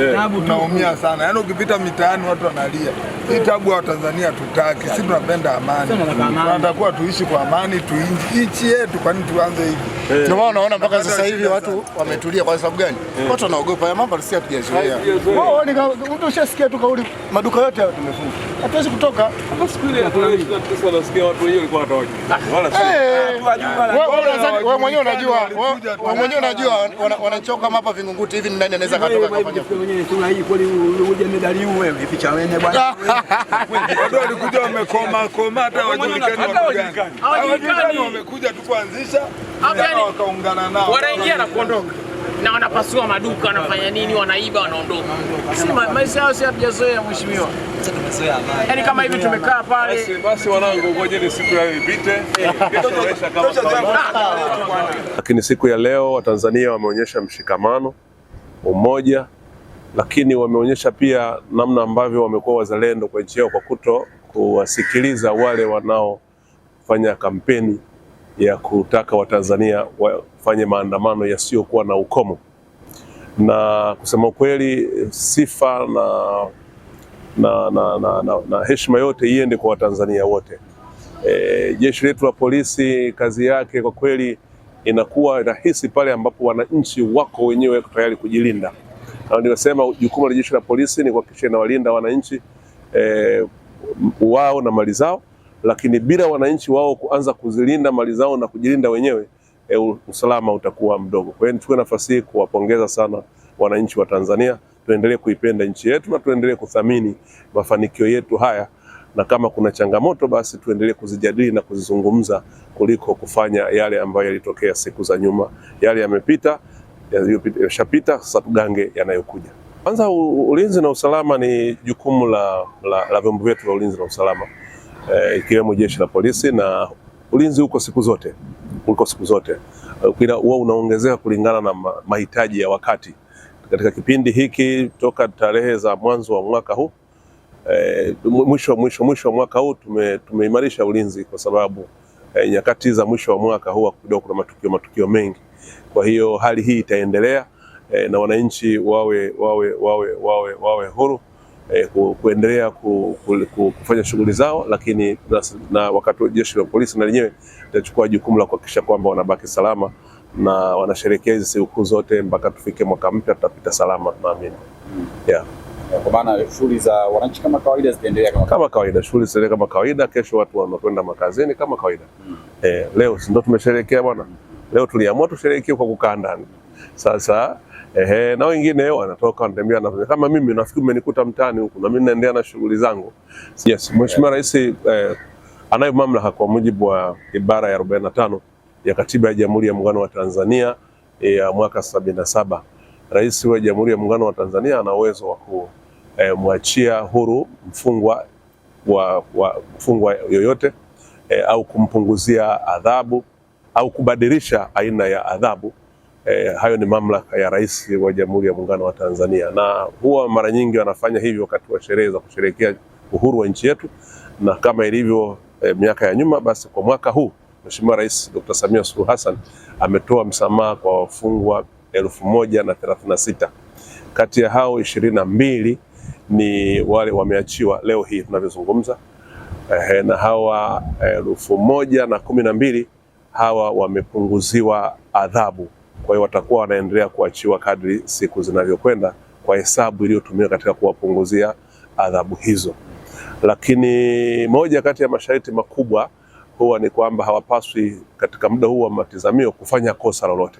Eh, tabu sana, yaani ukipita mitaani watu wanalia. Hii tabu ya tanzania tutaki, sisi tunapenda amani, tunataka tuishi kwa amani, tuinji nchi yetu, kwani tuanze hivi? Eh. Ndio maana unaona mpaka sasa hivi watu wametulia. Kwa sababu gani? Eh. Watu wanaogopa ya mambo, sisi hatujazoea. Mtu ushasikia tu kauli, maduka yote tumefunga, hatuwezi kutoka. Wewe mwenyewe unajua, wewe mwenyewe unajua wanachoka mapa Vingunguti hivi, ni nani anaweza katoka kafanya walikuja wamekoma koma, hata hawajulikani, wamekuja tu kuanzisha wakaungana nao, wanaingia na kuondoka na wanapasua maduka, wanafanya nini, wanaiba, wanaondoka. Si maisha yao, si hatujazoea mheshimiwa. Yaani kama hivi tumekaa pale. Basi wanangu, ngojeni siku yao ipite. Lakini siku ya leo Watanzania wameonyesha mshikamano, umoja, lakini wameonyesha pia namna ambavyo wamekuwa wazalendo kwa nchi yao kwa kuto kuwasikiliza wale wanaofanya kampeni ya kutaka Watanzania wafanye maandamano yasiyokuwa na ukomo, na kusema kweli sifa na, na, na, na, na, na heshima yote iende kwa Watanzania wote. E, jeshi letu la polisi kazi yake kwa kweli inakuwa rahisi pale ambapo wananchi wako wenyewe tayari kujilinda, na nimesema jukumu la jeshi la polisi ni kuhakikisha inawalinda wananchi e, wao na mali zao lakini bila wananchi wao kuanza kuzilinda mali zao na kujilinda wenyewe e, usalama utakuwa mdogo. Kwa hiyo nichukue nafasi hii kuwapongeza sana wananchi wa Tanzania, tuendelee kuipenda nchi yetu na tuendelee kuthamini mafanikio yetu haya, na kama kuna changamoto basi tuendelee kuzijadili na kuzizungumza kuliko kufanya yale ambayo yalitokea siku za nyuma. Yale yamepita, yashapita, sasa tugange yanayokuja. Kwanza, ulinzi na usalama ni jukumu la, la, la vyombo vyetu vya ulinzi na usalama. Eh, ikiwemo e, jeshi la polisi na ulinzi uko siku zote, uko siku zote eh, huwa unaongezeka kulingana na mahitaji ya wakati. Katika kipindi hiki toka tarehe za mwanzo wa mwaka huu e, mwisho mwisho mwisho wa mwaka huu tume, tumeimarisha ulinzi kwa sababu e, nyakati za mwisho wa mwaka huu kidogo kuna matukio matukio mengi. Kwa hiyo hali hii itaendelea e, na wananchi wawe, wawe, wawe, wawe, wawe huru eh, kuendelea ku, ku, ku, kufanya shughuli zao, lakini na, na wakati jeshi la polisi na lenyewe litachukua jukumu la kuhakikisha kwamba wanabaki salama na wanasherehekea hizi sikukuu zote mpaka tufike mwaka mpya, tutapita salama tunaamini. Hmm. yeah. Eh, kwa maana shughuli za wananchi kama kawaida zitaendelea kama, kawaida, kawaida, shughuli zitaendelea kama kawaida. Kesho watu wanakwenda makazini kama kawaida. hmm. Eh, leo ndio tumesherehekea bwana. Hmm. Leo tuliamua tusherehekee kwa kukaa ndani sasa Ehe, na wengine wanatoka wanatembea na kama mimi nafikiri mmenikuta mtaani huku na mimi naendelea na shughuli zangu. Yes, Mheshimiwa Rais eh, anayo mamlaka kwa mujibu wa ibara ya 45 ya Katiba ya Jamhuri ya Muungano wa Tanzania eh, ya mwaka sabini saba. Rais wa Jamhuri ya Muungano wa Tanzania ana uwezo wa kumwachia eh, huru mfungwa wa, wa mfungwa yoyote eh, au kumpunguzia adhabu au kubadilisha aina ya adhabu Eh, hayo ni mamlaka ya Rais wa Jamhuri ya Muungano wa Tanzania, na huwa mara nyingi wanafanya hivyo wakati wa sherehe za kusherehekea uhuru wa nchi yetu, na kama ilivyo eh, miaka ya nyuma, basi kwa mwaka huu Mheshimiwa Rais Dr. Samia Suluhu Hassan ametoa msamaha kwa wafungwa elfu moja na thelathini na sita kati ya hao ishirini na mbili ni wale wameachiwa leo hii tunavyozungumza, eh, na hawa elfu moja na kumi na mbili hawa wamepunguziwa adhabu kwa hiyo watakuwa wanaendelea kuachiwa kadri siku zinavyokwenda kwa hesabu iliyotumika katika kuwapunguzia adhabu hizo. Lakini moja kati ya masharti makubwa huwa ni kwamba hawapaswi katika muda huu wa matizamio kufanya kosa lolote.